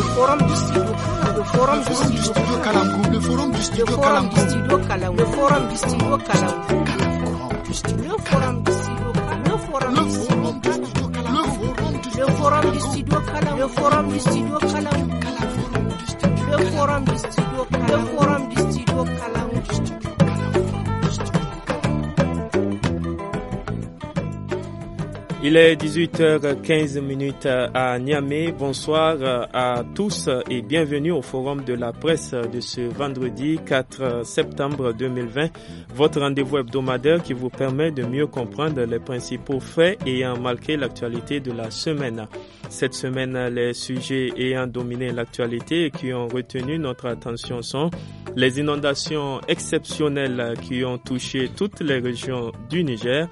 le forum du studio le forum du studio Calam le forum du studio le forum du studio le forum du studio le forum du le forum du studio le forum du studio le forum du Il est 18h15 euh, à Niamey. Bonsoir euh, à tous et bienvenue au forum de la presse de ce vendredi 4 euh, septembre 2020. Votre rendez-vous hebdomadaire qui vous permet de mieux comprendre les principaux faits ayant marqué l'actualité de la semaine. Cette semaine, les sujets ayant dominé l'actualité et qui ont retenu notre attention sont les inondations exceptionnelles qui ont touché toutes les régions du Niger,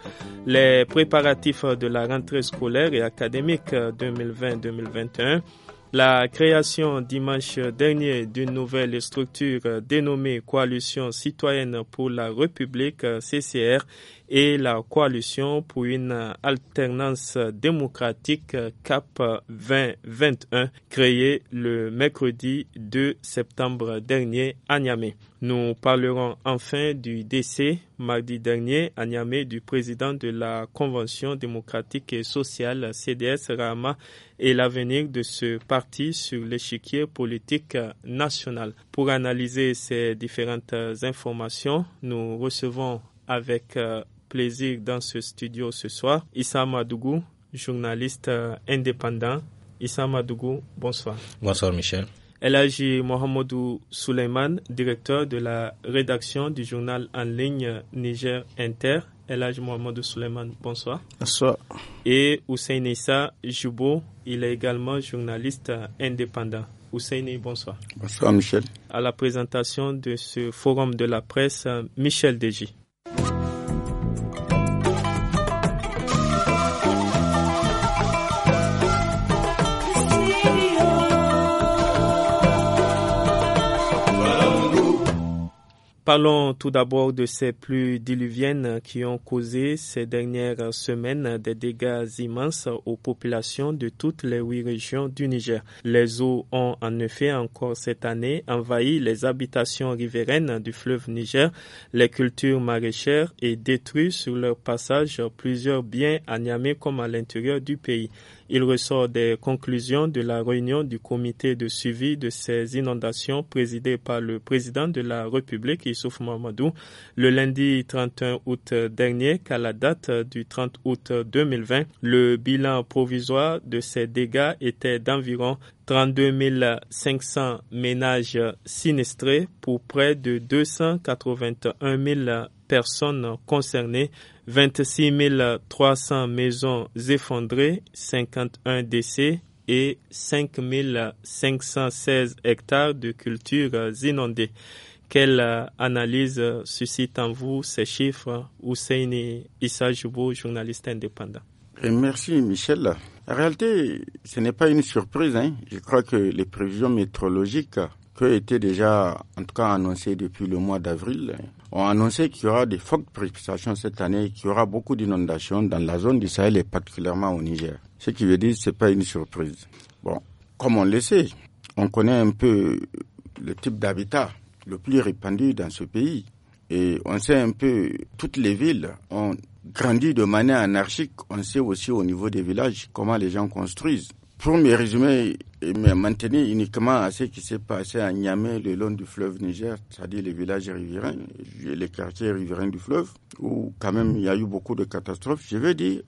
les préparatifs de la la rentrée scolaire et académique 2020-2021, euh, la création dimanche dernier d'une nouvelle structure euh, dénommée Coalition citoyenne pour la République euh, CCR et la coalition pour une alternance démocratique CAP 2021 créée le mercredi 2 septembre dernier à Niamey. Nous parlerons enfin du décès mardi dernier à Niamey du président de la Convention démocratique et sociale CDS Rama et l'avenir de ce parti sur l'échiquier politique national. Pour analyser ces différentes informations, nous recevons avec euh, plaisir dans ce studio ce soir. Issa Madougou, journaliste euh, indépendant. Issa Madougou, bonsoir. Bonsoir Michel. Elhaji Mohamedou Souleyman, directeur de la rédaction du journal en ligne euh, Niger Inter. Elhaji Mohamedou Souleyman, bonsoir. Bonsoir. Et Hussein Issa Joubo, il est également journaliste euh, indépendant. Hussein, bonsoir. Bonsoir Michel. À la présentation de ce forum de la presse, Michel Deji. Parlons tout d'abord de ces pluies diluviennes qui ont causé ces dernières semaines des dégâts immenses aux populations de toutes les huit régions du Niger. Les eaux ont en effet encore cette année envahi les habitations riveraines du fleuve Niger, les cultures maraîchères et détruit sur leur passage plusieurs biens à comme à l'intérieur du pays. Il ressort des conclusions de la réunion du comité de suivi de ces inondations présidée par le président de la République, Issouf Mamadou, le lundi 31 août dernier qu'à la date du 30 août 2020, le bilan provisoire de ces dégâts était d'environ 32 500 ménages sinistrés pour près de 281 000 personnes concernées, 26 300 maisons effondrées, 51 décès et 5 516 hectares de cultures inondées. Quelle analyse suscite en vous ces chiffres, Hussein Issa Joubo, journaliste indépendant euh, Merci Michel. En réalité, ce n'est pas une surprise. Hein. Je crois que les prévisions météorologiques qui étaient déjà, en tout cas, annoncées depuis le mois d'avril, ont annoncé qu'il y aura des fortes précipitations cette année, qu'il y aura beaucoup d'inondations dans la zone du Sahel et particulièrement au Niger. Ce qui veut dire que ce n'est pas une surprise. Bon, comme on le sait, on connaît un peu le type d'habitat le plus répandu dans ce pays. Et on sait un peu, toutes les villes ont grandi de manière anarchique. On sait aussi au niveau des villages comment les gens construisent pour me résumer et me maintenir uniquement à ce qui s'est passé à Niamey le long du fleuve Niger, c'est-à-dire les villages riverains, les quartiers riverains du fleuve, où quand même il y a eu beaucoup de catastrophes, je veux dire,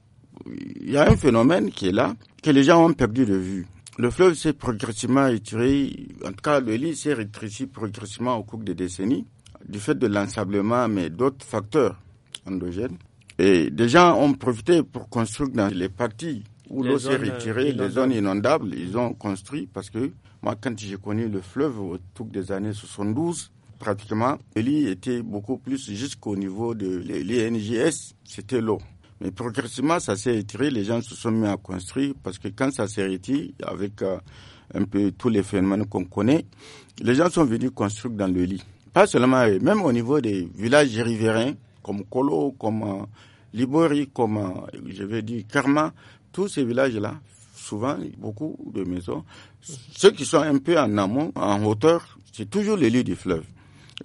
il y a un phénomène qui est là, que les gens ont perdu de vue. Le fleuve s'est progressivement étiré, en tout cas le lit s'est rétréci progressivement au cours des décennies, du fait de l'ensablement, mais d'autres facteurs endogènes. Et des gens ont profité pour construire dans les parties où l'eau s'est euh, retirée, les zones inondables, ils ont construit parce que moi, quand j'ai connu le fleuve au tout des années 72, pratiquement, le lit était beaucoup plus jusqu'au niveau de l'INGS, c'était l'eau. Mais progressivement, ça s'est retiré, les gens se sont mis à construire parce que quand ça s'est retiré, avec euh, un peu tous les phénomènes qu'on connaît, les gens sont venus construire dans le lit. Pas seulement même au niveau des villages riverains, comme Colo, comme euh, Libori, comme je vais dire Karma, tous ces villages-là, souvent beaucoup de maisons, ceux qui sont un peu en amont, en hauteur, c'est toujours les lit du fleuve.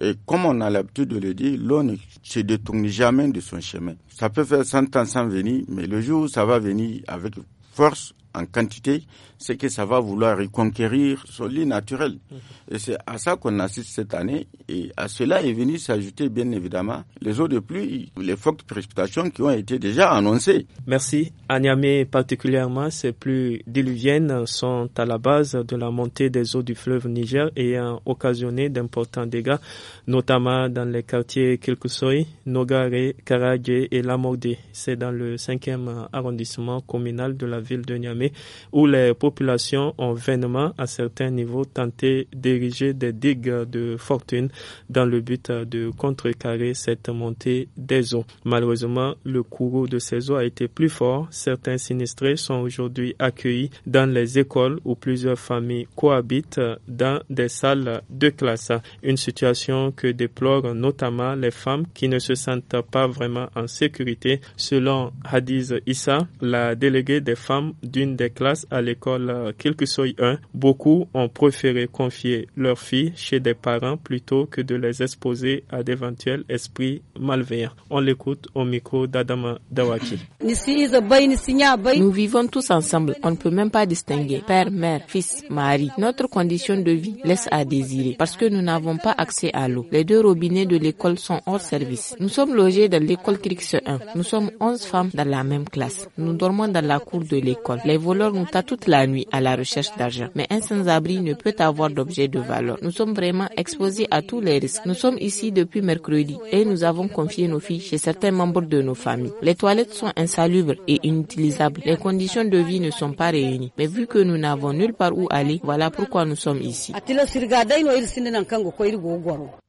Et comme on a l'habitude de le dire, l'eau ne se détourne jamais de son chemin. Ça peut faire 100 ans sans venir, mais le jour où ça va venir avec force, en quantité, c'est que ça va vouloir reconquérir son lit naturel. Mhm. Et c'est à ça qu'on assiste cette année. Et à cela est venu s'ajouter, bien évidemment, les eaux de pluie, les fortes précipitations qui ont été déjà annoncées. Merci. À Niamey particulièrement, ces pluies diluviennes sont à la base de la montée des eaux du fleuve Niger et ont occasionné d'importants dégâts, notamment dans les quartiers Kilkusoy, Nogare, Karagé et Lamordé. C'est dans le cinquième arrondissement communal de la ville de Niamey où les populations ont vainement, à certains niveaux, tenté d'ériger des digues de fortune dans le but de contrecarrer cette montée des eaux. Malheureusement, le courroux de ces eaux a été plus fort. Certains sinistrés sont aujourd'hui accueillis dans les écoles où plusieurs familles cohabitent dans des salles de classe. Une situation que déplorent notamment les femmes qui ne se sentent pas vraiment en sécurité. Selon Hadiz Issa, la déléguée des femmes d'une des classes à l'école euh, quel que soit un, beaucoup ont préféré confier leurs filles chez des parents plutôt que de les exposer à d'éventuels esprits malveillants. On l'écoute au micro d'Adama Dawaki. Nous vivons tous ensemble. On ne peut même pas distinguer père, mère, fils, mari. Notre condition de vie laisse à désirer parce que nous n'avons pas accès à l'eau. Les deux robinets de l'école sont hors service. Nous sommes logés dans l'école Crix 1. Nous sommes 11 femmes dans la même classe. Nous dormons dans la cour de l'école. Les les voleurs nous tâtent toute la nuit à la recherche d'argent, mais un sans-abri ne peut avoir d'objet de valeur. Nous sommes vraiment exposés à tous les risques. Nous sommes ici depuis mercredi et nous avons confié nos filles chez certains membres de nos familles. Les toilettes sont insalubres et inutilisables. Les conditions de vie ne sont pas réunies. Mais vu que nous n'avons nulle part où aller, voilà pourquoi nous sommes ici.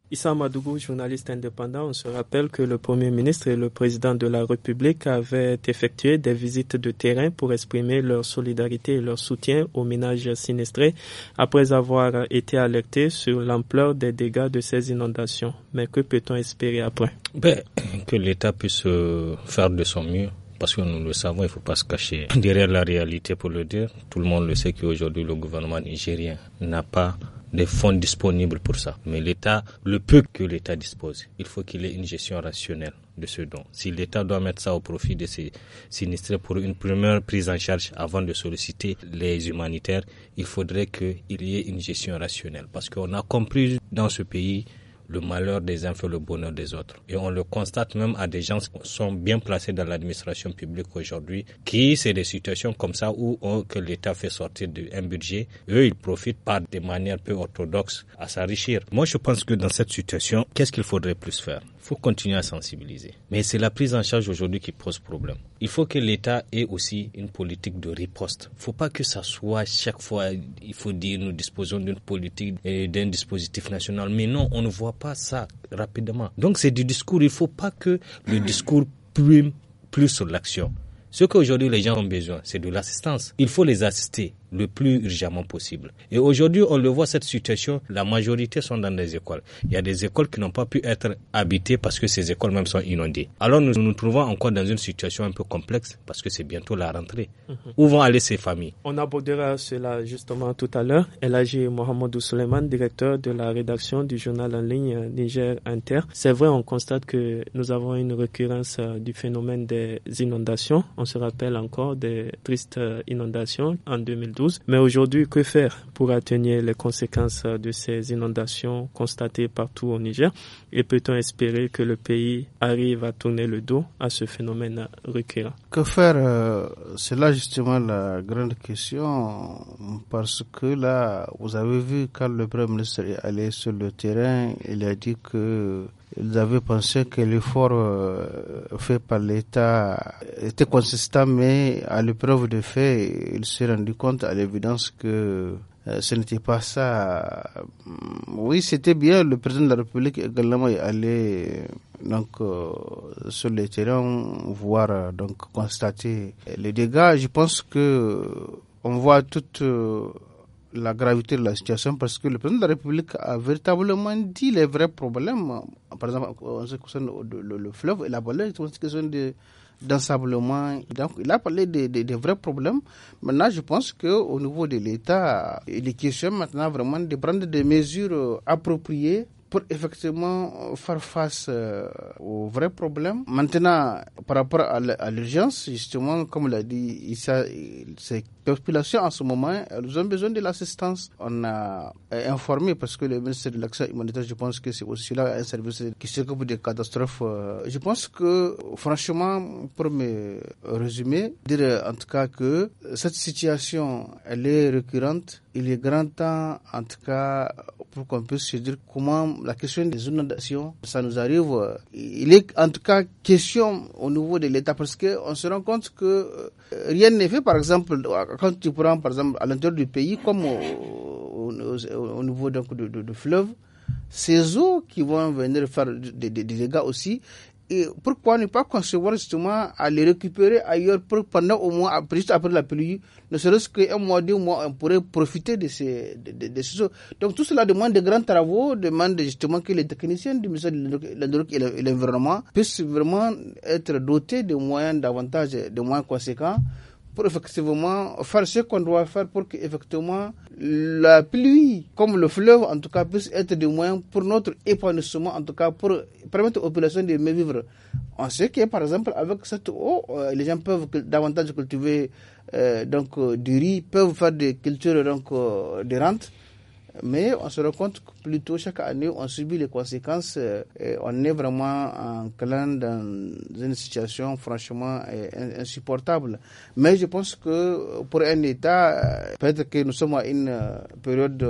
Issa Madougou, journaliste indépendant, on se rappelle que le Premier ministre et le Président de la République avaient effectué des visites de terrain pour exprimer leur solidarité et leur soutien aux ménages sinistrés après avoir été alertés sur l'ampleur des dégâts de ces inondations. Mais que peut-on espérer après ben, Que l'État puisse euh, faire de son mieux parce que nous le savons, il ne faut pas se cacher. Derrière la réalité, pour le dire, tout le monde le sait qu'aujourd'hui, le gouvernement nigérien n'a pas des fonds disponibles pour ça. Mais l'État, le peu que l'État dispose, il faut qu'il y ait une gestion rationnelle de ce don. Si l'État doit mettre ça au profit de ses sinistrés pour une première prise en charge avant de solliciter les humanitaires, il faudrait qu'il y ait une gestion rationnelle. Parce qu'on a compris dans ce pays le malheur des uns fait le bonheur des autres. Et on le constate même à des gens qui sont bien placés dans l'administration publique aujourd'hui, qui, c'est des situations comme ça où que l'État fait sortir un budget, eux, ils profitent par des manières peu orthodoxes à s'enrichir. Moi, je pense que dans cette situation, qu'est-ce qu'il faudrait plus faire faut continuer à sensibiliser. Mais c'est la prise en charge aujourd'hui qui pose problème. Il faut que l'État ait aussi une politique de riposte. Il ne faut pas que ça soit chaque fois, il faut dire nous disposons d'une politique et d'un dispositif national. Mais non, on ne voit pas ça rapidement. Donc c'est du discours. Il ne faut pas que le discours prime plus sur l'action. Ce qu'aujourd'hui les gens ont besoin, c'est de l'assistance. Il faut les assister le plus urgentement possible. Et aujourd'hui, on le voit, cette situation, la majorité sont dans des écoles. Il y a des écoles qui n'ont pas pu être habitées parce que ces écoles même sont inondées. Alors nous nous trouvons encore dans une situation un peu complexe parce que c'est bientôt la rentrée. Mhm. Où vont aller ces familles On abordera cela justement tout à l'heure. j'ai Mohamedou Suleiman, directeur de la rédaction du journal en ligne euh, Niger Inter. C'est vrai, on constate que nous avons une récurrence euh, du phénomène des inondations. On se rappelle encore des tristes euh, inondations en 2012 mais aujourd'hui, que faire pour atténuer les conséquences de ces inondations constatées partout au Niger Et peut-on espérer que le pays arrive à tourner le dos à ce phénomène récurrent Que faire euh, C'est là justement la grande question parce que là, vous avez vu quand le Premier ministre est allé sur le terrain, il a dit que ils avaient pensé que l'effort euh, fait par l'État était consistant, mais à l'épreuve de fait, ils se sont compte à l'évidence que euh, ce n'était pas ça. Mm, oui, c'était bien. Le président de la République également est allé donc euh, sur le terrain voir donc constater les dégâts. Je pense que on voit toute la gravité de la situation parce que le président de la République a véritablement dit les vrais problèmes. Par exemple, en ce qui concerne le, et la fleuve, et une question de d'ensablement. Donc, il a parlé des vrais problèmes. Maintenant, je pense qu'au niveau de l'État, il est question maintenant vraiment de prendre des mesures euh, appropriées pour effectivement euh, faire face euh, aux vrais problèmes. Maintenant, par rapport à l'urgence, justement, comme l'a dit Issa, c'est population en ce moment, elles euh, ont besoin de l'assistance. On a euh, informé parce que le ministère de l'Action humanitaire, je pense que c'est aussi là un service qui s'occupe des catastrophes. Euh. Je pense que, franchement, pour me résumer, dire en tout cas que cette situation, elle est récurrente. Il est grand temps, en tout cas, pour qu'on puisse se dire comment la question des inondations, ça nous arrive. Il est en tout cas question au niveau de l'État parce qu'on se rend compte que rien n'est fait, par exemple, quand tu prends par exemple à l'intérieur du pays, comme au, niveau donc, de, fleuve, ces eaux qui vont venir faire des, dégâts aussi. Et pourquoi ne pas concevoir justement à les récupérer ailleurs pendant au moins après, juste après la pluie, ne serait-ce qu'un mois, deux mois, on pourrait profiter de ces, eaux. Donc tout cela demande de grands travaux, demande justement que les techniciens du ministère de et l'Environnement puissent vraiment être dotés de moyens davantage, de moyens conséquents pour effectivement faire ce qu'on doit faire pour que effectivement la pluie, comme le fleuve en tout cas, puisse être des moyens pour notre épanouissement, en tout cas pour permettre aux populations de mieux vivre. On sait que par exemple avec cette eau, euh, les gens peuvent davantage cultiver euh, donc euh, du riz, peuvent faire des cultures donc de rentes. Mais on se rend compte que plutôt chaque année, on subit les conséquences. Euh, et on est vraiment en clan dans une situation franchement euh, insupportable. Mais je pense que pour un État, euh, peut-être que nous sommes à une période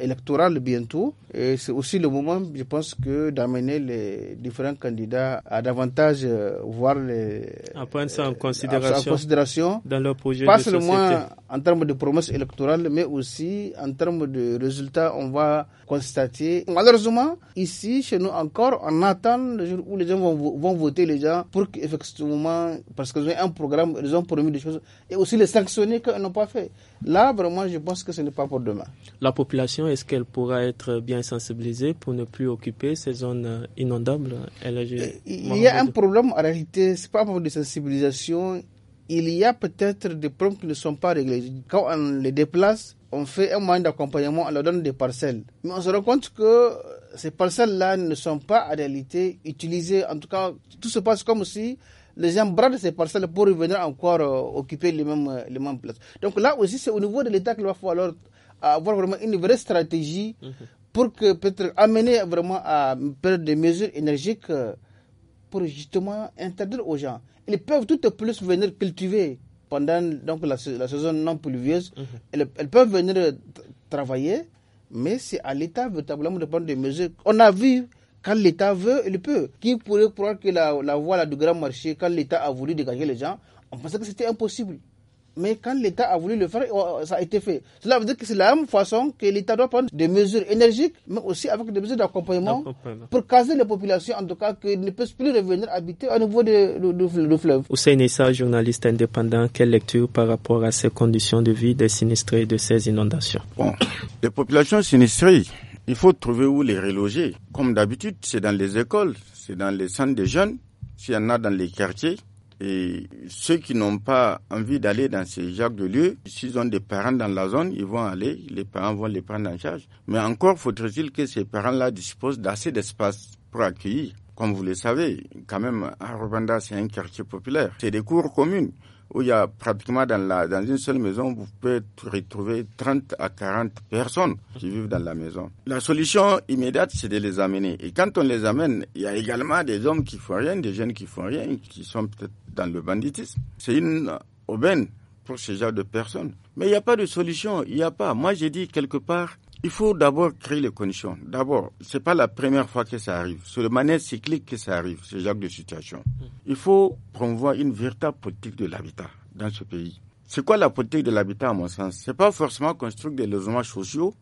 électorale bientôt. Et c'est aussi le moment, je pense, que d'amener les différents candidats à davantage euh, voir les. À prendre ça en euh, considération. dans leur projet pas seulement en termes de promesses électorales, mais aussi en termes de résultats, on va constater. Malheureusement, ici, chez nous encore, on attend le jour où les gens vont, vont voter, les gens, pour qu'effectivement, parce qu'ils ont un programme, ils ont promis des choses, et aussi les sanctionner qu'ils n'ont pas fait. Là, vraiment, je pense que ce n'est pas pour demain. La population, est-ce qu'elle pourra être bien sensibilisée pour ne plus occuper ces zones euh, inondables euh, Il y a un problème en réalité, ce n'est pas un problème de sensibilisation. Il y a peut-être des problèmes qui ne sont pas réglés. Quand on les déplace, on fait un moyen d'accompagnement, on leur donne des parcelles. Mais on se rend compte que euh, ces parcelles-là ne sont pas en réalité utilisées. En tout cas, tout se passe comme si les gens bradent ces parcelles pour venir encore euh, occuper les mêmes, euh, les mêmes places. Donc là aussi, c'est au niveau de l'État qu'il va falloir euh, avoir vraiment une vraie stratégie mhm. pour que peut-être amener vraiment à prendre des mesures énergiques pour justement interdire aux gens. Ils peuvent tout au plus venir cultiver pendant donc, la, saison non pluvieuse. Elles, mhm. elles, peuvent venir travailler, mais c'est à l'État véritablement de prendre des mesures. On a vu quand l'État veut, il peut. Qui pourrait croire que la, voie du grand marché, quand l'État a voulu dégager les gens, on pensait que c'était impossible. Mais quand l'État a voulu le faire, oh, ça a été fait. Cela veut dire que c'est la même façon que l'État doit prendre des mesures énergiques, mais aussi avec des mesures d'accompagnement pour caser les populations, en tout cas, qui ne peuvent plus revenir habiter au niveau du fleuve. Hussein Issa, journaliste indépendant, quelle lecture par rapport à ces conditions de vie des sinistrés de ces inondations Les populations sinistrées, il faut trouver où les reloger. Comme d'habitude, c'est dans les écoles, c'est dans les centres de jeunes, s'il y en a dans les quartiers. Et ceux qui n'ont pas envie d'aller dans ces jacques de lieu, s'ils ont des parents dans la zone, ils vont aller, les parents vont les prendre en charge. Mais encore faudrait il que ces parents-là disposent d'assez d'espace pour accueillir. Comme vous le savez, quand même, à Rwanda, c'est un quartier populaire. C'est des cours communes où il y a pratiquement dans, la, dans une seule maison, vous pouvez retrouver 30 à 40 personnes qui vivent dans la maison. La solution immédiate, c'est de les amener. Et quand on les amène, il y a également des hommes qui font rien, des jeunes qui font rien, qui sont peut-être dans le banditisme. C'est une aubaine pour ce genre de personnes. Mais il n'y a pas de solution, il n'y a pas. Moi, j'ai dit quelque part, il faut d'abord créer les conditions. D'abord, c'est pas la première fois que ça arrive. C'est de manière cyclique que ça arrive, ce genre de situation. Il faut promouvoir une véritable politique de l'habitat dans ce pays. C'est quoi la politique de l'habitat à mon sens C'est pas forcément construire des logements sociaux,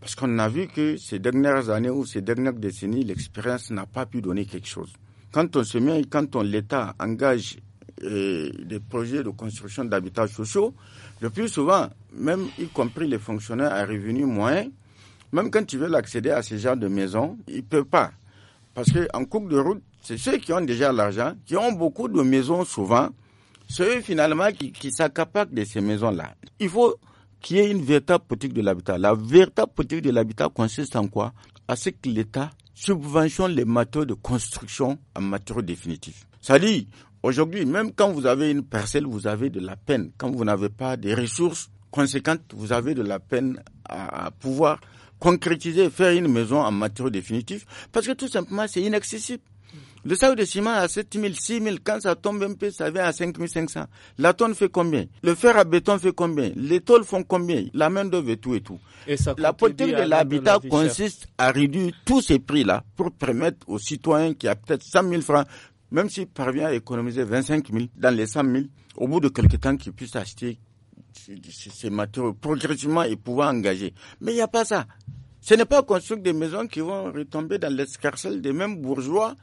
parce qu'on a vu que ces dernières années ou ces dernières décennies, l'expérience n'a pas pu donner quelque chose. Quand on se met, quand on l'État engage euh, des projets de construction d'habitats sociaux, le plus souvent, même y compris les fonctionnaires à revenus moyens, même quand ils veulent accéder à ce genre de maisons, ils ne peuvent pas. Parce qu'en coupe de route, c'est ceux qui ont déjà l'argent, qui ont beaucoup de maisons souvent, ceux finalement qui, qui s'accaparent de ces maisons-là. Il faut qu'il y ait une véritable politique de l'habitat. La véritable politique de l'habitat consiste en quoi À ce que l'État subventionne les matériaux de construction en matériaux définitifs. Ça dit. Aujourd'hui, même quand vous avez une parcelle, vous avez de la peine. Quand vous n'avez pas des ressources conséquentes, vous avez de la peine à, pouvoir concrétiser, faire une maison en matériaux définitifs, parce que tout simplement, c'est inaccessible. Le sac de ciment à 7000, 6000, quand ça tombe un peu, ça vient à 5500. La tonne fait combien Le fer à béton fait combien Les tôles font combien La main d'œuvre et tout et tout. la politique de l'habitat consiste à réduire tous ces prix-là pour permettre aux citoyens qui a peut-être 100 000 francs même s'il parvient à économiser 25 000 dans les 100 000, au bout de quelques temps, qu'il puisse acheter ces matériaux progressivement et pouvoir engager. Mais il n'y a pas ça. Ce n'est pas construire des maisons qui vont retomber dans l'escarcelle des mêmes bourgeois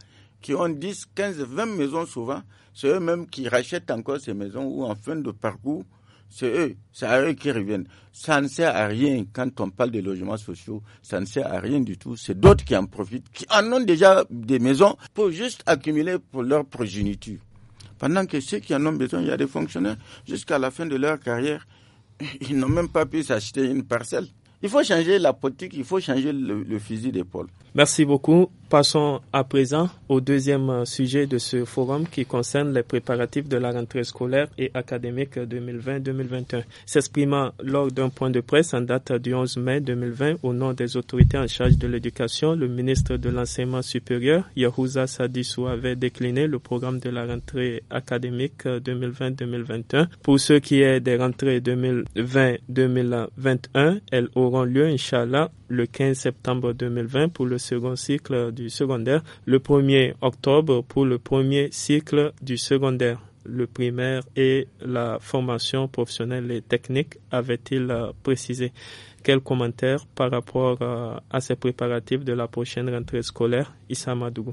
qui ont 10, 15, 20 maisons souvent. C'est eux-mêmes qui rachètent encore ces maisons ou en fin de parcours, c'est eux, c'est à eux qui reviennent. Ça ne sert à rien quand on parle de logements sociaux, ça ne sert à rien du tout. C'est d'autres qui en profitent, qui en ont déjà des maisons pour juste accumuler pour leur progéniture. Pendant que ceux qui en ont besoin, il y a des fonctionnaires, jusqu'à la fin de leur carrière, ils n'ont même pas pu s'acheter une parcelle. Il faut changer la politique, il faut changer le, physique fusil d'épaule. Merci beaucoup. Passons à présent au deuxième euh, sujet de ce forum qui concerne les préparatifs de la rentrée scolaire et académique 2020-2021. S'exprimant lors d'un point de presse en date du 11 mai 2020 au nom des autorités en charge de l'éducation, le ministre de l'enseignement supérieur, Yahouza Sadissou, avait décliné le programme de la rentrée académique 2020-2021. Pour ce qui est des rentrées 2020-2021, elles auront lieu, Inch'Allah, le 15 septembre 2020 pour le second cycle du secondaire, le 1er octobre pour le premier cycle du secondaire. Le primaire et la formation professionnelle et technique, avait-il euh, précisé. Quel commentaire par rapport euh, à ces préparatifs de la prochaine rentrée scolaire, Issa Bon,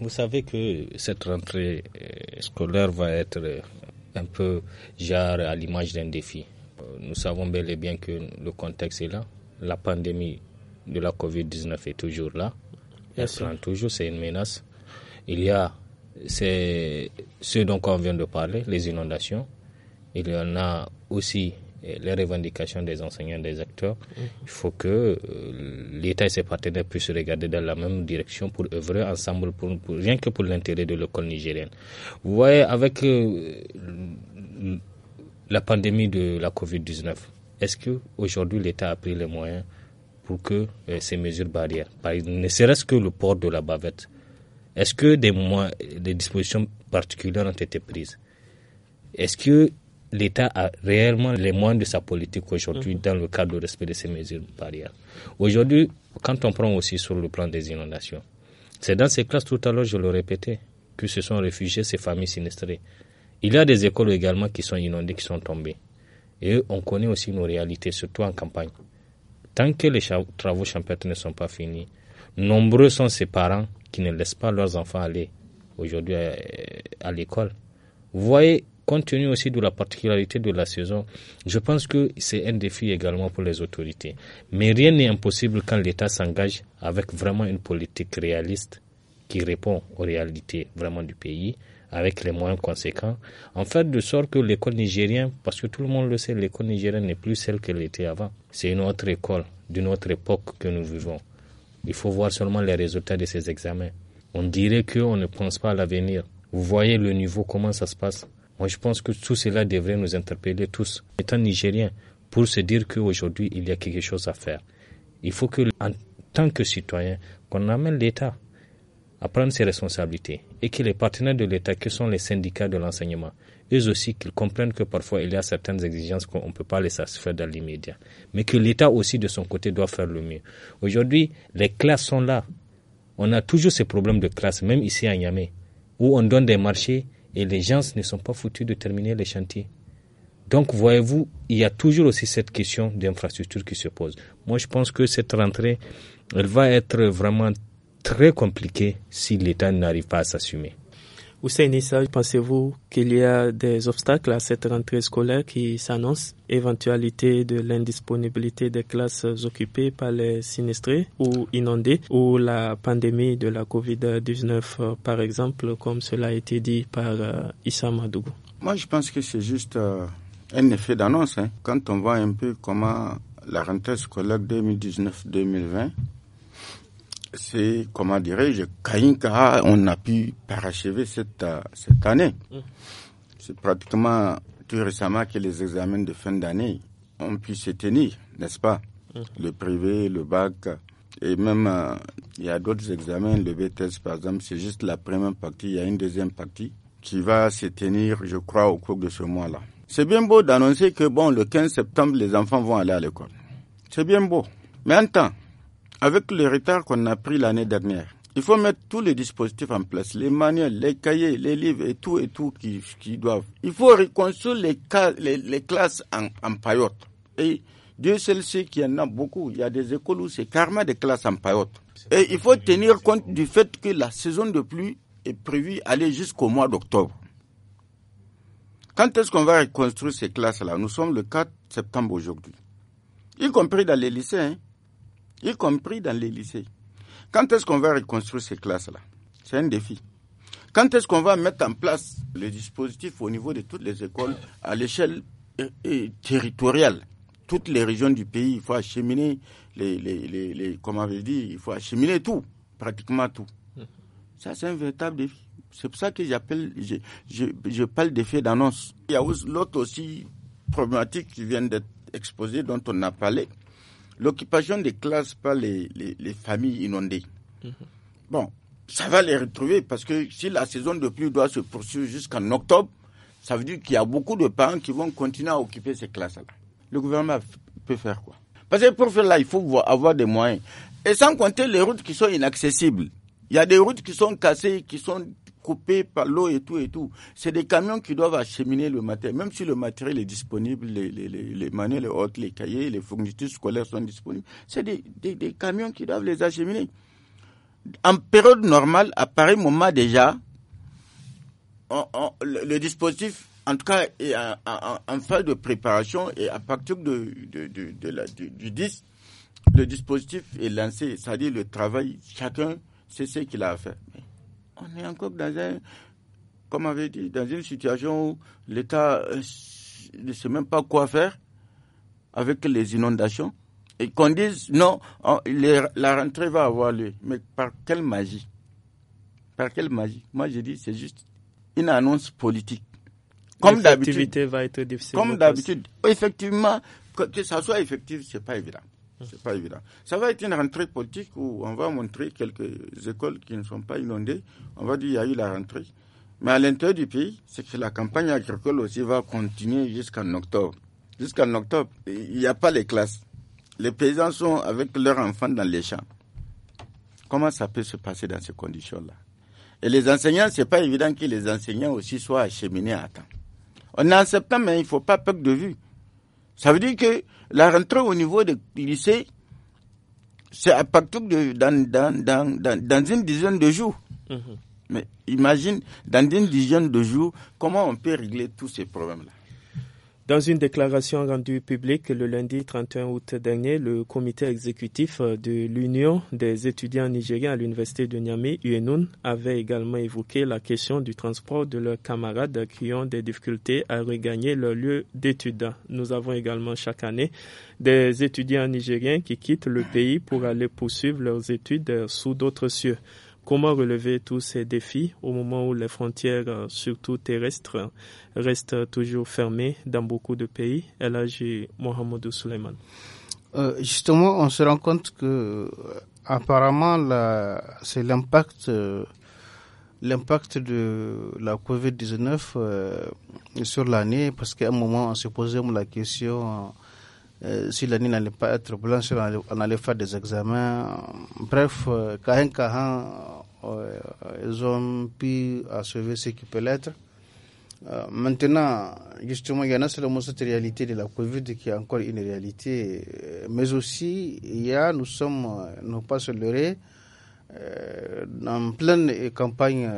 vous savez que cette rentrée euh, scolaire va être un peu genre à l'image d'un défi. Nous savons bel et bien que le contexte est là. La pandémie de la COVID-19 est toujours là toujours, c'est une menace. Il y a ce dont on vient de parler, les inondations. Il y en a aussi eh, les revendications des enseignants, des acteurs. Mm. Il faut que euh, l'État et ses partenaires puissent regarder dans la même direction pour œuvrer ensemble, pour, rien que pour l'intérêt de l'école nigérienne. Vous voyez, avec euh, la pandémie de la COVID-19, est-ce que aujourd'hui l'État a pris les moyens que euh, ces mesures barrières, ne serait-ce que le port de la bavette, est-ce que des, mois, des dispositions particulières ont été prises Est-ce que l'État a réellement les moyens de sa politique aujourd'hui mhm. dans le cadre du respect de ces mesures barrières Aujourd'hui, quand on prend aussi sur le plan des inondations, c'est dans ces classes, tout à l'heure je le répétais, que se sont réfugiées ces familles sinistrées. Il y a des écoles également qui sont inondées, qui sont tombées. Et on connaît aussi nos réalités, surtout en campagne. Tant que les travaux champêtres ne sont pas finis, nombreux sont ces parents qui ne laissent pas leurs enfants aller aujourd'hui euh, à, l'école. Vous voyez, compte tenu aussi de la particularité de la saison, je pense que c'est un défi également pour les autorités. Mais rien n'est impossible quand l'État s'engage avec vraiment une politique réaliste qui répond aux réalités vraiment du pays avec les moyens conséquents, en fait de sorte que l'école nigérienne, parce que tout le monde le sait, l'école nigérienne n'est plus celle qu'elle était avant. C'est une autre école, d'une autre époque que nous vivons. Il faut voir seulement les résultats de ces examens. On dirait qu'on ne pense pas à l'avenir. Vous voyez le niveau, comment ça se passe. Moi, je pense que tout cela devrait nous interpeller tous, étant nigériens, pour se dire qu'aujourd'hui, il y a quelque chose à faire. Il faut que, en tant que citoyen, qu'on amène l'État à prendre ses responsabilités et que les partenaires de l'État, que sont les syndicats de l'enseignement, eux aussi qu'ils comprennent que parfois il y a certaines exigences qu'on ne peut pas les satisfaire dans l'immédiat, mais que l'État aussi de son côté doit faire le mieux. Aujourd'hui, les classes sont là. On a toujours ces problèmes de classes, même ici à Niamey, où on donne des marchés et les gens ne sont pas foutus de terminer les chantiers. Donc, voyez-vous, il y a toujours aussi cette question d'infrastructure qui se pose. Moi, je pense que cette rentrée, elle va être vraiment très compliqué si l'État n'arrive pas à s'assumer. Hussein Issa, pensez-vous qu'il y a des obstacles à cette rentrée scolaire qui s'annonce Éventualité de l'indisponibilité des classes occupées par les sinistrés ou inondées ou la pandémie de la COVID-19 par exemple, comme cela a été dit par euh, Issa Madougou Moi, je pense que c'est juste euh, un effet d'annonce. Hein. Quand on voit un peu comment la rentrée scolaire 2019-2020 c'est, comment dirais-je, Kainka, on a pu parachever cette, euh, cette année. Mm. C'est pratiquement tout récemment que les examens de fin d'année ont pu se tenir, n'est-ce pas mm. Le privé, le bac, et même euh, il y a d'autres examens, le BTS par exemple, c'est juste la première partie, il y a une deuxième partie qui va se tenir, je crois, au cours de ce mois-là. C'est bien beau d'annoncer que, bon, le 15 septembre, les enfants vont aller à l'école. C'est bien beau. Mais attends, avec le retard qu'on a pris l'année dernière, il faut mettre tous les dispositifs en place, les manuels, les cahiers, les livres et tout et tout qui, qui doivent. Il faut reconstruire les, les, classes en, en Et Dieu seul sait qu'il y en a beaucoup. Il y a des écoles où c'est carrément des classes en paillotte. Et il faut tenir compte du fait que la saison de pluie est prévue aller jusqu'au mois d'octobre. Quand est-ce qu'on va reconstruire ces classes-là Nous sommes le 4 septembre aujourd'hui. Y compris dans les lycées. Hein y compris dans les lycées. Quand est-ce qu'on va reconstruire ces classes-là C'est un défi. Quand est-ce qu'on va mettre en place les dispositifs au niveau de toutes les écoles à l'échelle euh, euh, territoriale Toutes les régions du pays, il faut acheminer, les, les, les, les comme on avait dit, il faut acheminer tout, pratiquement tout. Mhm. Ça, c'est un véritable défi. C'est pour ça que j'appelle, je, je, je parle d'effet d'annonce. Il y a l'autre aussi problématique qui vient d'être exposée, dont on a parlé, l'occupation des classes par les, familles inondées. Mhm. Bon, ça va les retrouver parce que si la saison de pluie doit se poursuivre jusqu'en octobre, ça veut dire qu'il y a beaucoup de parents qui vont continuer à occuper ces classes-là. Le gouvernement peut faire quoi Parce que pour faire là, il faut avoir des moyens. Et sans compter les routes qui sont inaccessibles. Il y a des routes qui sont cassées, qui sont Coupé par l'eau et tout et tout. C'est des camions qui doivent acheminer le matériel. Même si le matériel est disponible, les, manuels, les les cahiers, les fournitures scolaires sont disponibles, c'est des, camions qui doivent les acheminer. En période normale, à pareil moment déjà, le, dispositif, en tout cas, est en, phase de préparation et à partir de, de, du, 10, le dispositif est lancé, c'est-à-dire le travail, chacun c'est ce qu'il a à faire on est encore dans un, comme avait dit, dans une situation où l'État euh, ne sait même pas quoi faire avec les inondations et qu'on dise non, la rentrée va avoir lieu. Mais par quelle magie Par quelle magie Moi, je dis, c'est juste une annonce politique. Comme d'habitude. va être difficile. Comme d'habitude. Effectivement, que, que ça soit effectif, c'est pas évident. C'est pas évident. Ça va être une rentrée politique où on va montrer quelques écoles qui ne sont pas inondées. On va dire qu'il y a eu la rentrée. Mais à l'intérieur du pays, c'est que la campagne agricole aussi va continuer jusqu'en octobre. Jusqu'en octobre, il n'y a pas les classes. Les paysans sont avec leurs enfants dans les champs. Comment ça peut se passer dans ces conditions-là Et les enseignants, c'est pas évident que les enseignants aussi soient acheminés à temps. On est en septembre, mais il ne faut pas peur de vue ça veut dire que la rentrée au niveau des lycée, c'est à partir de dans, dans, dans, dans, une dizaine de jours. Mhm. Mais imagine, dans une dizaine de jours, comment on peut régler tous ces problèmes-là dans une déclaration rendue publique le lundi 31 août dernier, le comité exécutif euh, de l'Union des étudiants nigériens à l'université de Niamey, UNUN, avait également évoqué la question du transport de leurs camarades qui ont des difficultés à regagner leur lieu d'études. Nous avons également chaque année des étudiants nigériens qui quittent le pays pour aller poursuivre leurs études euh, sous d'autres cieux. Comment relever tous ces défis au moment où les frontières, euh, surtout terrestres, restent toujours fermées dans beaucoup de pays j'ai Mohamedou Suleiman. Euh, justement, on se rend compte que euh, apparemment c'est l'impact l'impact de la Covid-19 sur l'année parce qu'à un moment on se posait la question euh, si l'année n'allait pas être blanche, on allait, faire des examens. Bref, euh, quand un hein, euh, ils ont pu assurer ce qui peut l'être. maintenant, justement, il y a seulement cette réalité de la Covid qui est encore une réalité, mais aussi, il y a, nous sommes, non pas se leurrer, en pleine campagne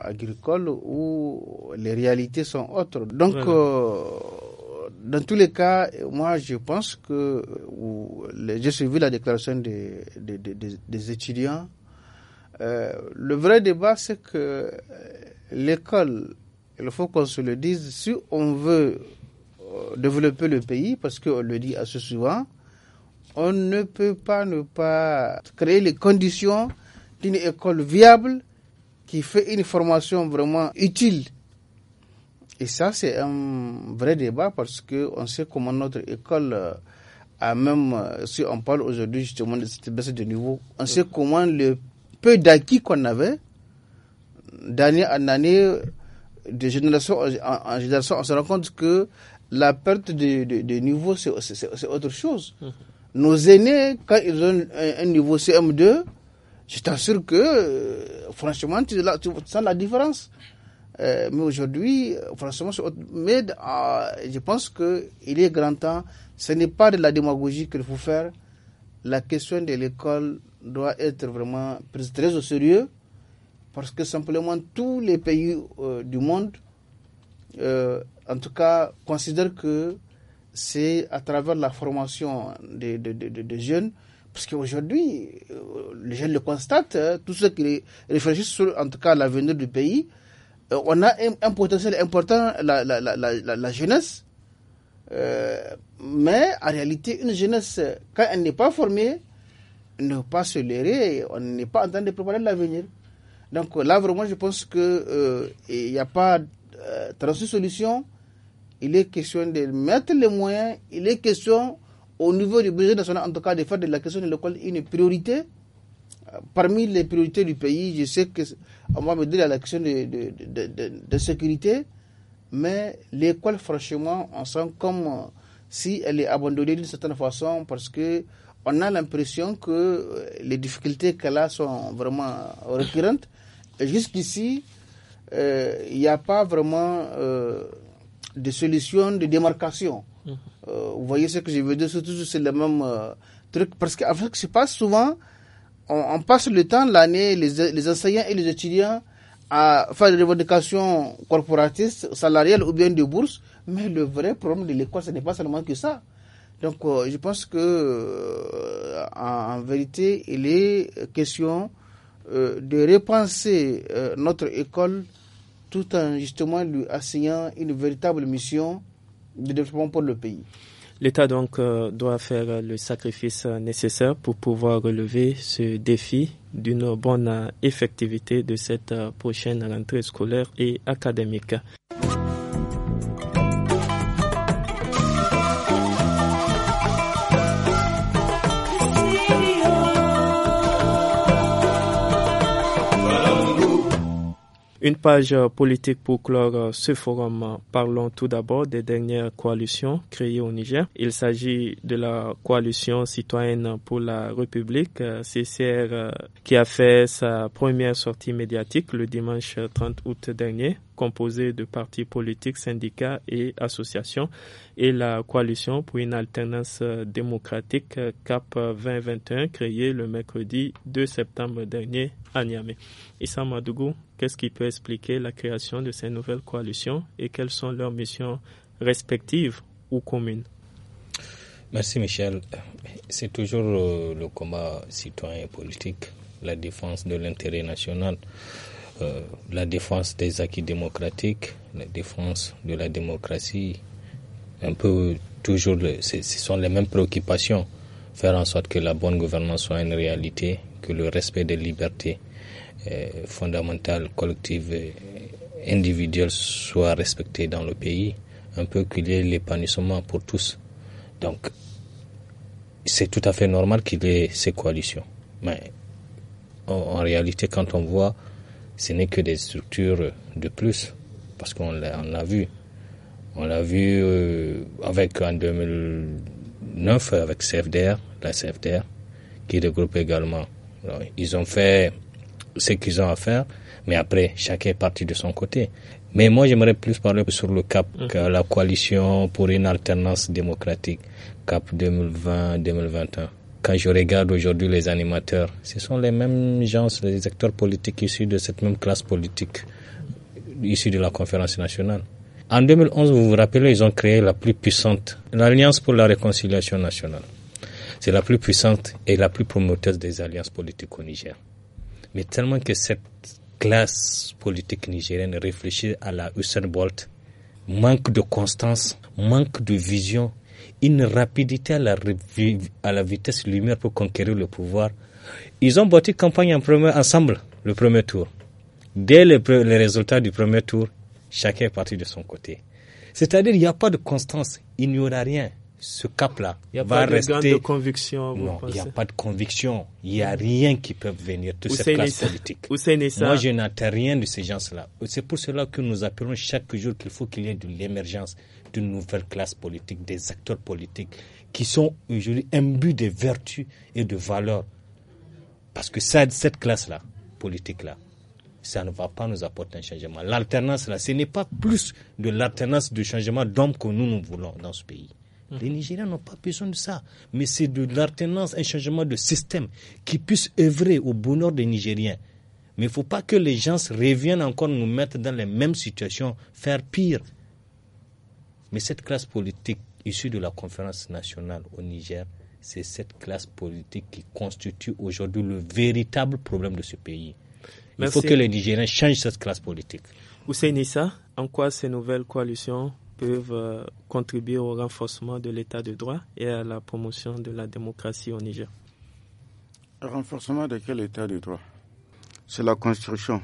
agricole où les réalités sont autres. Donc, dans tous les cas, moi, je pense que j'ai suivi la déclaration des, étudiants. Euh, le vrai débat, c'est que euh, l'école, il faut qu'on se le dise, si on veut euh, développer le pays, parce qu'on le dit assez souvent, on ne peut pas ne pas créer les conditions d'une école viable qui fait une formation vraiment utile et ça, c'est un vrai débat parce qu'on sait comment notre école euh, a même, euh, si on parle aujourd'hui justement de cette baisse de niveau, on sait mm. comment le peu d'acquis qu'on avait, d'année en année, de génération en, génération, on se rend compte que la perte de, niveau, c'est autre chose. Mm. Nos aînés, quand ils ont un, niveau CM2, je t'assure que, euh, franchement, tu, tu sens la différence. Euh, mais aujourd'hui, franchement, euh, je pense qu'il est grand temps, ce n'est pas de la démagogie qu'il faut faire. La question de l'école doit être vraiment prise très au sérieux parce que simplement tous les pays euh, du monde, en tout cas, considèrent que c'est à travers la formation des, jeunes parce qu'aujourd'hui, les jeunes le constatent, hein, tous ceux qui réfléchissent sur, en tout cas, l'avenir du pays, euh, on a un, potentiel important, la, la, la, la jeunesse. Euh, mais en réalité, une jeunesse, quand elle n'est pas formée, ne pas se l'érer on n'est pas en train de préparer l'avenir. Donc là, vraiment, je pense qu'il euh, n'y a pas de solution. Il est question de mettre les moyens, il est question, au niveau du budget national, en tout cas, de faire de la question de l'école une priorité parmi les priorités du pays, je sais que on va me dire à la de, sécurité, mais l'école, franchement, on sent comme euh, si elle est abandonnée d'une certaine façon parce que on a l'impression que euh, les difficultés qu'elle a sont vraiment euh, récurrentes. Jusqu'ici, il n'y a pas vraiment de solution de démarcation. Mmh. vous voyez ce que je veux dire, C'est c'est le même truc, parce qu'en fait, ce qui se passe souvent, on, passe le temps, l'année, les, enseignants et les étudiants à faire des revendications corporatistes, salariales ou bien de bourse. Mais le vrai problème de l'école, ce n'est pas seulement que ça. Donc, euh, je pense que, euh, en, vérité, il est question euh, de repenser notre école tout en justement lui assignant une véritable mission de développement pour le pays. L'État donc euh, doit faire le sacrifice nécessaire pour pouvoir relever ce défi d'une bonne effectivité de cette euh, prochaine rentrée scolaire et académique. Une page euh, politique pour clore euh, ce forum. Euh, parlons tout d'abord des dernières coalitions créées au Niger. Il s'agit de la coalition citoyenne pour la République, CCR, qui a fait sa première sortie médiatique le dimanche 30 août dernier composé de partis politiques, syndicats et associations, et la coalition pour une alternance euh, démocratique euh, CAP 2021 créée le mercredi 2 septembre dernier à Niamey. Issa Madougou, qu'est-ce qui peut expliquer la création de ces nouvelles coalitions et quelles sont leurs missions respectives ou communes Merci Michel. C'est toujours euh, le combat citoyen et politique, la défense de l'intérêt national. Euh, la défense des acquis démocratiques, la défense de la démocratie, un peu toujours, ce sont les mêmes préoccupations. Faire en sorte que la bonne gouvernance soit une réalité, que le respect des libertés euh, fondamentales, collectives et euh, individuelles soit respecté dans le pays, un peu qu'il y ait l'épanouissement pour tous. Donc, c'est tout à fait normal qu'il y ait ces coalitions. Mais en réalité, quand on voit ce n'est que des structures de plus, parce qu'on l'a vu. On l'a vu euh, avec en 2009 avec CFDR, la CFDR, qui regroupe également. ils ont fait ce qu'ils ont à faire, mais après, chacun est parti de son côté. Mais moi, j'aimerais plus parler sur le CAP, mhm. que la coalition pour une alternance démocratique, CAP 2020-2021. Quand je regarde aujourd'hui les animateurs, ce sont les mêmes gens, les acteurs politiques issus de cette même classe politique, issus de la conférence nationale. En 2011, vous vous rappelez, ils ont créé la plus puissante, l'Alliance pour la réconciliation nationale. C'est la plus puissante et la plus promoteuse des alliances politiques au Niger. Mais tellement que cette classe politique nigérienne réfléchit à la Usain Bolt, manque de constance, manque de vision, une rapidité à la, à la vitesse lumière pour conquérir le pouvoir. Ils ont bâti campagne en premier, ensemble le premier tour. Dès les, les résultats du premier tour, chacun est parti de son côté. C'est-à-dire il n'y a pas de constance, il n'y aura rien. Ce cap-là va rester. conviction, non, il n'y a pas de conviction. Il n'y a rien qui peut venir de cette classe politique. Moi, je n'attends rien de ces gens-là. C'est pour cela que nous appelons chaque jour qu'il faut qu'il y ait de l'émergence d'une nouvelle classe politique, des acteurs politiques qui sont aujourd'hui imbus des vertus et de valeurs. Parce que cette classe-là, politique-là, ça ne va pas nous apporter un changement. L'alternance, là, ce n'est pas plus de l'alternance de changement d'hommes que nous, nous voulons dans ce pays. Hum. Les Nigériens n'ont pas besoin de ça. Mais c'est de l'alternance, un changement de système qui puisse œuvrer au bonheur des Nigériens. Mais il ne faut pas que les gens reviennent encore nous mettre dans les mêmes situations, faire pire. Mais cette classe politique issue de la conférence nationale au Niger, c'est cette classe politique qui constitue aujourd'hui le véritable problème de ce pays. Il faut que les Nigériens changent cette classe politique. Hussein Issa, en quoi ces nouvelles coalitions peuvent euh, contribuer au renforcement de l'état de droit et à la promotion de la démocratie au Niger renforcement de quel état de droit C'est la construction,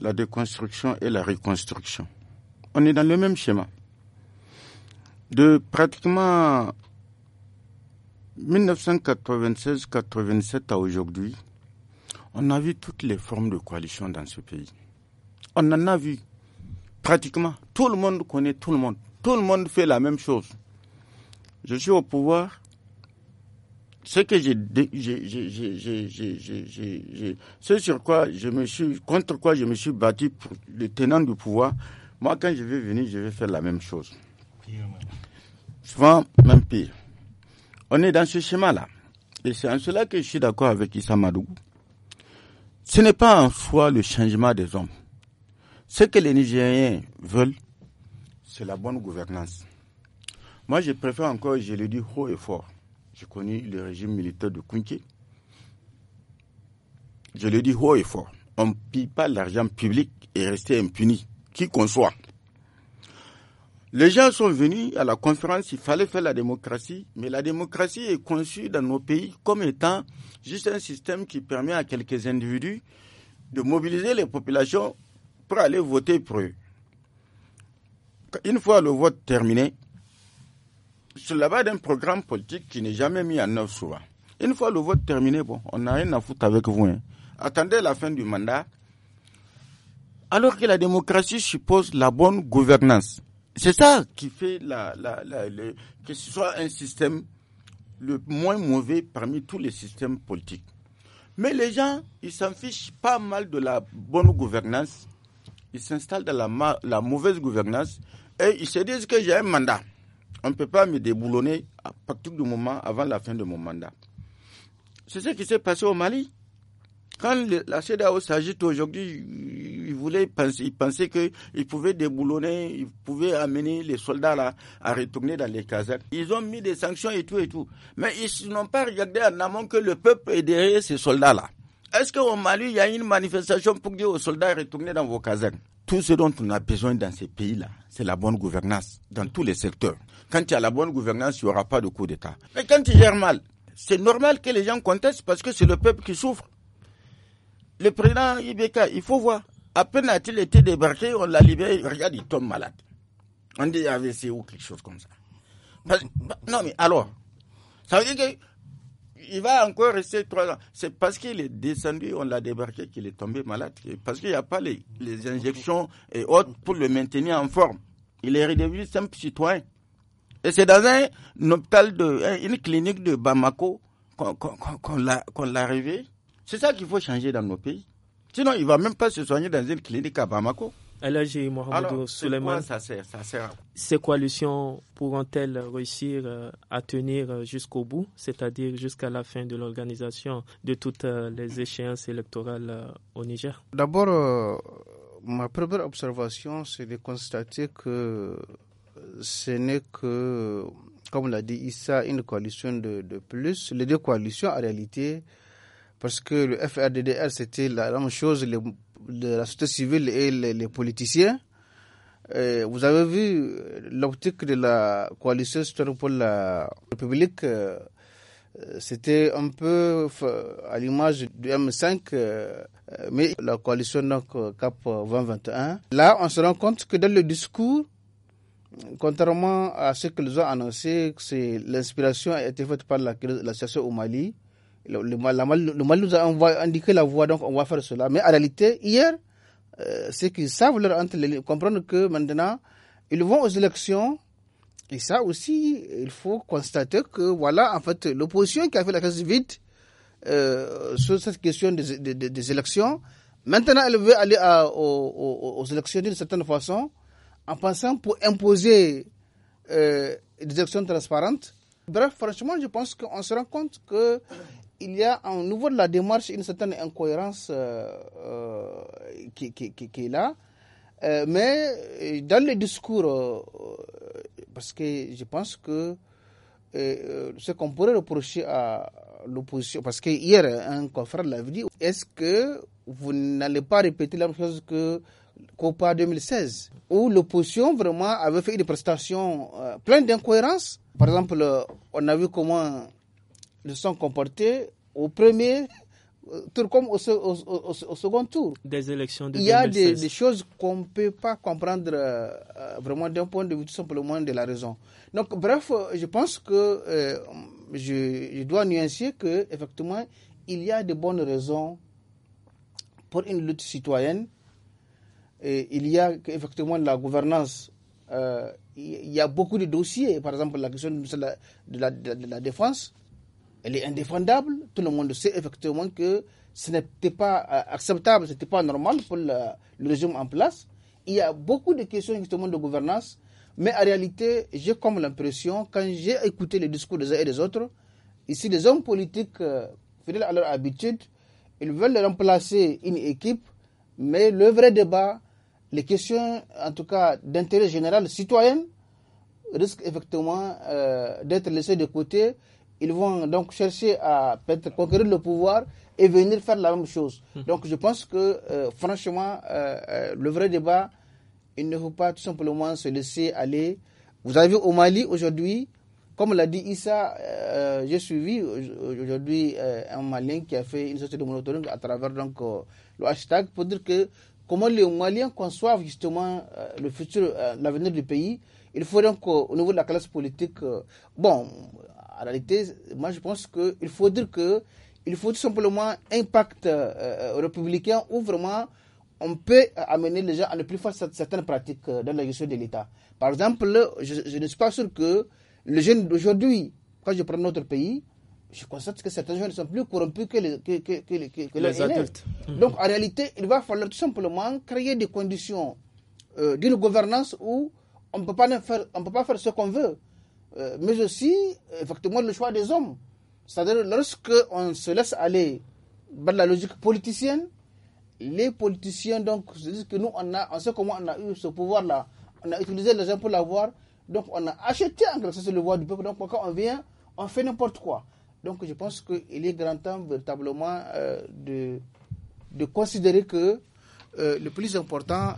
la déconstruction et la reconstruction. On est dans le même schéma de pratiquement 1996-87 à aujourd'hui, on a vu toutes les formes de coalition dans ce pays. On en a vu pratiquement. Tout le monde connaît tout le monde. Tout le monde fait la même chose. Je suis au pouvoir. Ce que j'ai, sur quoi je me suis, contre quoi je me suis battu pour les tenants du pouvoir, moi quand je vais venir, je vais faire la même chose souvent même pire. On est dans ce schéma-là. Et c'est en cela que je suis d'accord avec Issa Ce n'est pas en soi le changement des hommes. Ce que les Nigériens veulent, c'est la bonne gouvernance. Moi, je préfère encore, je le dis haut et fort. J'ai connu le régime militaire de Kounki, Je le dis haut et fort. On ne pille pas l'argent public et rester impuni, qui qu'on soit. Les gens sont venus à la conférence, il fallait faire la démocratie, mais la démocratie est conçue dans nos pays comme étant juste un système qui permet à quelques individus de mobiliser les populations pour aller voter pour eux. Une fois le vote terminé, cela la base d'un programme politique qui n'est jamais mis en œuvre souvent. Une fois le vote terminé, bon, on n'a rien à foutre avec vous. Hein. Attendez la fin du mandat. Alors que la démocratie suppose la bonne gouvernance. C'est ça qui fait la, que ce soit un système le moins mauvais parmi tous les systèmes politiques. Mais les gens, ils s'en fichent pas mal de la bonne gouvernance. Ils s'installent dans la, la mauvaise gouvernance et ils se disent que j'ai un mandat. On ne peut pas me déboulonner à partir du moment avant la fin de mon mandat. C'est ce qui s'est passé au Mali. Quand la CDAO s'agit aujourd'hui, ils voulaient penser, ils pensaient qu'ils pouvaient déboulonner, ils pouvaient amener les soldats là à retourner dans les casernes. Ils ont mis des sanctions et tout et tout. Mais ils n'ont pas regardé en amont que le peuple est ces soldats là. Est-ce qu'au Mali, il y a une manifestation pour dire aux soldats retourner dans vos casernes Tout ce dont on a besoin dans ces pays-là, c'est la bonne gouvernance, dans tous les secteurs. Quand il y a la bonne gouvernance, il n'y aura pas de coup d'État. Mais quand il gère mal, c'est normal que les gens contestent parce que c'est le peuple qui souffre. Le président Ibeka, il faut voir. À peine a-t-il été débarqué, on l'a libéré. Regarde, il tombe malade. On dit AVC ou quelque chose comme ça. non, mais alors, ça veut dire qu'il va encore rester trois ans. C'est parce qu'il est descendu, on l'a débarqué, qu'il est tombé malade. Parce qu'il n'y a pas les, injections et autres pour le maintenir en forme. Il est redevenu simple citoyen. Et c'est dans un, hôpital, de, une clinique de Bamako qu'on l'a c'est ça qu'il faut changer dans nos pays. Sinon, il ne va même pas se soigner dans une clinique à Bamako. Alors, Ça sert, Ces coalitions pourront-elles réussir euh, à tenir euh, jusqu'au bout, c'est-à-dire jusqu'à la fin de l'organisation de toutes euh, les échéances électorales au Niger D'abord, ma première observation, c'est de constater que ce n'est que, comme l'a dit Issa, une coalition de, plus. Les deux coalitions, en réalité, parce que le FRDDR, c'était la même chose, de la société civile et les, politiciens. vous avez vu l'optique de la coalition citoyenne pour la République, euh, c'était un peu euh, à l'image du M5, euh, mais la coalition donc CAP 2021. Là, on se rend compte que dans le discours, contrairement à ce qu'ils ont annoncé, l'inspiration a été faite par la, la situation au Mali le, mal nous a indiqué la voie, donc on va faire cela. Mais en réalité, hier, euh, c'est qu'ils savent leur entre comprendre que maintenant, ils vont aux élections. Et ça aussi, il faut constater que, voilà, en fait, l'opposition qui a fait la case vide euh, sur cette question des, élections, maintenant, elle veut aller aux, élections d'une certaine façon, en pensant pour imposer euh, des élections transparentes. Bref, franchement, je pense qu'on se rend compte que il y a au niveau de la démarche une certaine incohérence euh, euh, qui, qui, qui, est là. Euh, mais dans le discours, parce que je pense que ce qu'on pourrait reprocher à l'opposition, parce que hier, un confrère l'avait dit, est-ce que vous n'allez pas répéter la même chose que COPA 2016, où l'opposition vraiment avait fait des prestations pleine d'incohérences Par exemple, on a vu comment se sont comportés au premier tour comme au, second tour. Des élections de Il y a des, choses qu'on ne peut pas comprendre euh, euh, vraiment d'un point de vue tout simplement de la raison. Donc, bref, euh, je pense que je, dois nuancer que effectivement il y a de bonnes raisons pour une lutte citoyenne. Et il y a effectivement la gouvernance. il y a beaucoup de dossiers, par exemple la question de la, de la défense elle est indéfendable. Tout le monde sait effectivement que ce n'était pas euh, acceptable, ce n'était pas normal pour le régime en place. Il y a beaucoup de questions justement de gouvernance, mais en réalité, j'ai comme l'impression, quand j'ai écouté les discours des uns et des autres, ici les hommes politiques, euh, fidèles à leur habitude, ils veulent remplacer une équipe, mais le vrai débat, les questions en tout cas d'intérêt général citoyen, risquent effectivement euh, d'être laissées de côté ils vont donc chercher à conquérir le pouvoir et venir faire la même chose. Hmm. Donc je pense que euh, franchement, euh, euh, le vrai débat, il ne faut pas tout simplement se laisser aller. Vous avez au Mali aujourd'hui, comme l'a dit Issa, j'ai suivi aujourd'hui un Malien qui a fait une sorte de monotone à travers donc, le hashtag pour dire que comment les Maliens conçoivent justement le futur, l'avenir du pays. Il faut donc au niveau de la classe politique, bon, en réalité, moi je pense qu'il faut dire que il faut tout simplement un pacte euh, euh, républicain où vraiment on peut amener les gens à ne plus faire certaines pratiques euh, dans la gestion de l'État. Par exemple, je, ne suis pas sûr que les jeunes d'aujourd'hui, quand je prends notre pays, je constate que certains jeunes sont plus corrompus que les, que, adultes. Mmh. Donc en réalité, il va falloir tout simplement créer des conditions d'une gouvernance où on ne peut pas faire ce qu'on veut. Euh, mais aussi effectivement le choix des hommes. C'est-à-dire lorsque on se laisse aller par la logique politicienne, les politiciens donc se disent que nous on a, on sait comment on a eu ce pouvoir-là, on a utilisé les gens pour l'avoir, donc on a acheté en grâce le pouvoir du peuple. Donc quand on vient, on fait n'importe quoi. Donc je pense qu'il est grand temps véritablement euh, de, de considérer que euh, le plus important,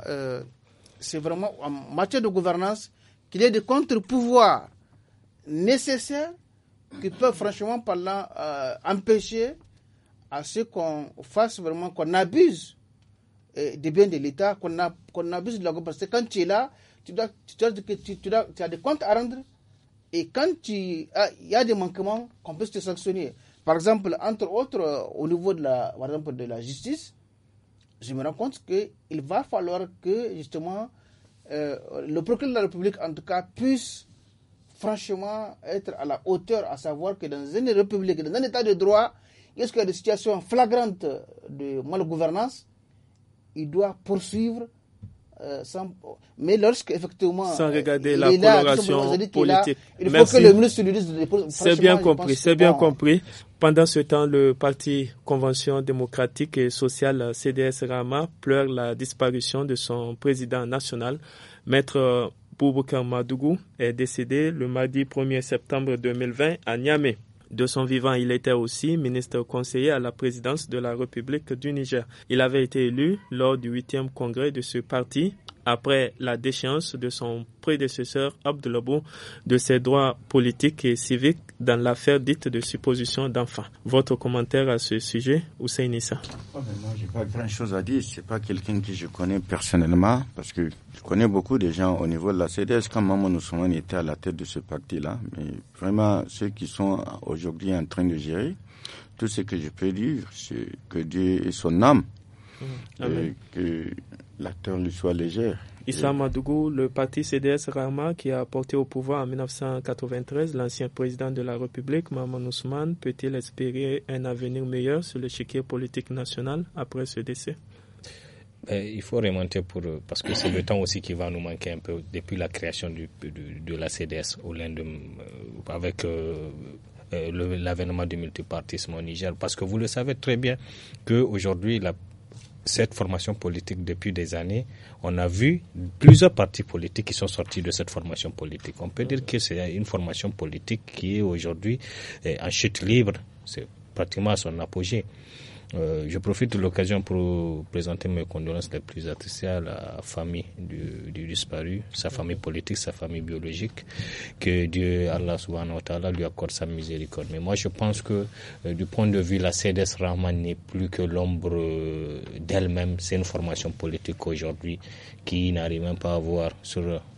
c'est vraiment en matière de gouvernance qu'il y ait des contre-pouvoirs nécessaires qui peuvent franchement parlant euh, empêcher à ce qu'on fasse vraiment, qu'on abuse euh, des biens de l'État, qu'on abuse de la Parce quand tu es là, tu, tu, as des comptes à rendre. Et quand ah, il y a des manquements, qu'on puisse te sanctionner. Par exemple, entre autres, euh, au niveau de la, par exemple, de la justice, je me rends compte qu'il va falloir que justement le procureur de la République, en tout cas, puisse franchement être à la hauteur, à savoir que dans une république, dans un état de droit, est y a des situations flagrantes de malgouvernance Il doit poursuivre. Euh, sans, mais lorsqu'effectivement. Sans regarder la coloration politique. il faut que le ministre lui dise. C'est bien compris, c'est bien compris. Pendant ce temps, le parti Convention démocratique et sociale euh, CDS-RAMA pleure la disparition de son président national, Maître euh, Bouboukar Madougou est décédé le mardi 1er septembre 2020 à Niamey. De son vivant, il était aussi ministre conseiller à la présidence de la République du Niger. Il avait été élu lors du 8e congrès de ce parti après la déchéance de son prédécesseur Abdelabou de ses droits politiques et civiques dans l'affaire dite de supposition d'enfant. Votre commentaire à ce sujet, Hussein Nissa oh, Moi, j'ai pas grand-chose à dire. C'est pas quelqu'un que je connais personnellement parce que je connais beaucoup de gens au niveau de la CDS quand Maman Ousmane était à la tête de ce parti-là. Mais vraiment, ceux qui sont aujourd'hui en train de gérer, tout ce que je peux dire, c'est que Dieu est son âme. Mmh l'acteur du soit légère. Issa Madougou, le parti CDS rama qui a apporté au pouvoir en 1993 l'ancien président de la République, Maman Ousmane, peut-il espérer un avenir meilleur sur l'échiquier politique national après ce décès ben, il faut remonter pour euh, parce que c'est le temps aussi qui va nous manquer un peu depuis la création du, de la CDS au lendemain euh, avec euh, l'avènement du multipartisme au Niger parce que vous le savez très bien que aujourd'hui la cette formation politique depuis des années, on a vu plusieurs partis politiques qui sont sortis de cette formation politique. On peut dire que c'est une formation politique qui est aujourd'hui eh, en chute libre, c'est pratiquement à son apogée. Euh, je profite de l'occasion pour présenter mes condoléances les plus attristées à la famille du, disparu, sa famille politique, sa famille biologique, que Dieu, Allah subhanahu wa ta'ala, lui accorde sa miséricorde. Mais moi, je pense que euh, du point de vue, la CDS Rahman n'est plus que l'ombre d'elle-même. C'est une formation politique aujourd'hui qui n'arrive même pas à avoir,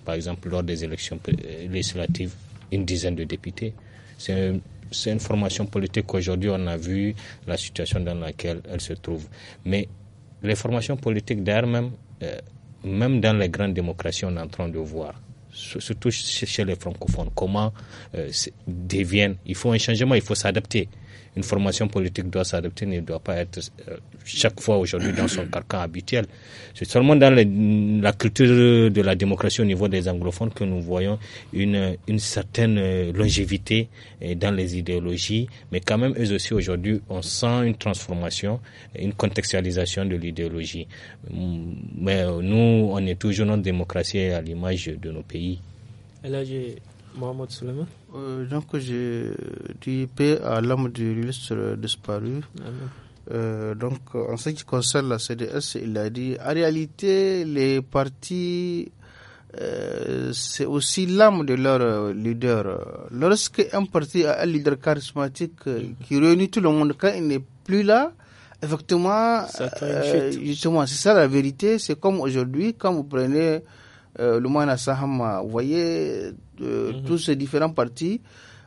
par exemple, lors des élections euh, législatives, une dizaine de députés. C'est c'est une formation politique qu'aujourd'hui on a vu la situation dans laquelle elle se trouve. Mais les formations politiques d'ailleurs même, euh, même dans les grandes démocraties, on est en train de voir surtout chez les francophones, comment euh, deviennent. Il faut un changement, il faut s'adapter une formation politique doit s'adapter, ne doit pas être euh, chaque fois aujourd'hui dans son carcan habituel. C'est seulement dans la culture de la démocratie au niveau des anglophones que nous voyons une, certaine euh, longévité euh, dans les idéologies, mais quand même eux aussi aujourd'hui, on sent une transformation, une contextualisation de l'idéologie. Mm, mais nous, on est toujours notre démocratie à l'image de nos pays. Et là, j'ai Mohamed Souleymane. Euh, donc j'ai dit paix à l'âme du l'illustre disparu. Euh, donc en ce qui concerne la CDS, il a dit en réalité les partis euh, c'est aussi l'âme de leur leader. Lorsque un parti a un leader charismatique qui réunit tout le monde quand il n'est plus là, effectivement, justement, c'est ça la vérité. C'est comme aujourd'hui, quand vous prenez le Lumana Sahama, vous voyez euh, mhm. tous ces différents partis.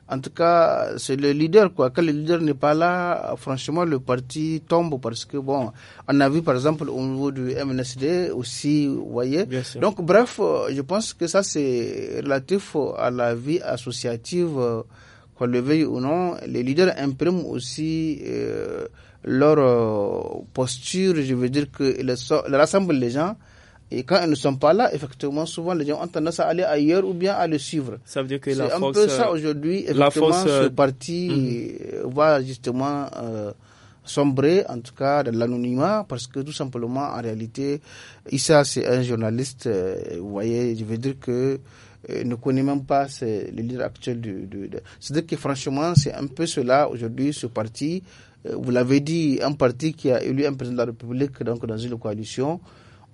En tout cas, c'est le leader, quoi. Quand le leader n'est pas là, franchement, le parti tombe parce que, bon, on a vu, par exemple, au niveau du MNSD aussi, vous voyez. Donc, bref, euh, je pense que ça, c'est relatif à la vie associative, euh, qu'on le veuille ou non. Les leaders impriment aussi leur posture, je veux dire qu'ils rassemblent les gens et quand ils ne sont pas là, effectivement, souvent les gens ont tendance à aller ailleurs ou bien à le suivre. Ça veut dire que la un peu ça euh, aujourd'hui. Effectivement, ce euh, parti mm-hmm. euh, va justement euh, sombrer, en tout cas, de l'anonymat, parce que tout simplement, en réalité, Issa, c'est un journaliste. vous voyez, je veux dire que ne connaît même pas le leader actuel de... C'est-à-dire que franchement, c'est un peu cela aujourd'hui, ce parti. vous l'avez dit, un parti qui a élu un président de la République donc dans une coalition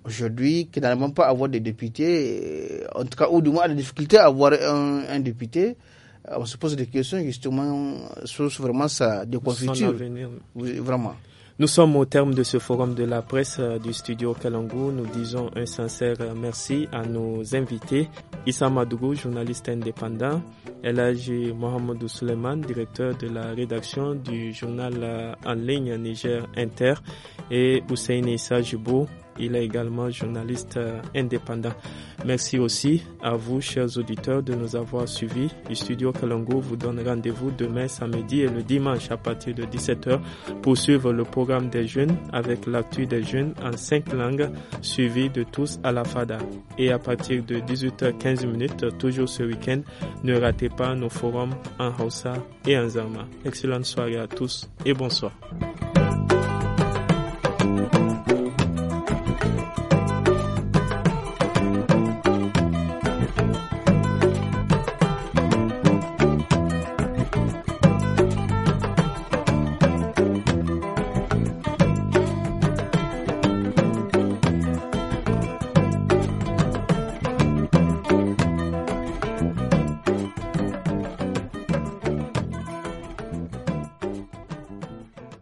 aujourd'hui, qui même pas avoir des députés, euh, en tout cas, ou du moins des difficultés à avoir un, député, euh, on se pose des questions justement sur vraiment sa déconfiture. Oui, vraiment. Nous sommes au terme de ce forum de la presse euh, du studio Kalangou. Nous disons un sincère merci à nos invités. Issa Madougou, journaliste indépendant. Elhaji Mohamedou Suleiman, directeur de la rédaction du journal en ligne Niger Inter. Et Hussein Issa Jibou, il est également journaliste euh, indépendant. Merci aussi à vous, chers auditeurs, de nous avoir suivis. Le studio Kalongo vous donne rendez-vous demain samedi et le dimanche à partir de 17h pour suivre le programme des jeunes avec l'actu des jeunes en cinq langues suivi de tous à la FADA. Et à partir de 18h15 minutes, toujours ce week-end, ne ratez pas nos forums en Hausa et en Zarma. Excellente soirée à tous et bonsoir.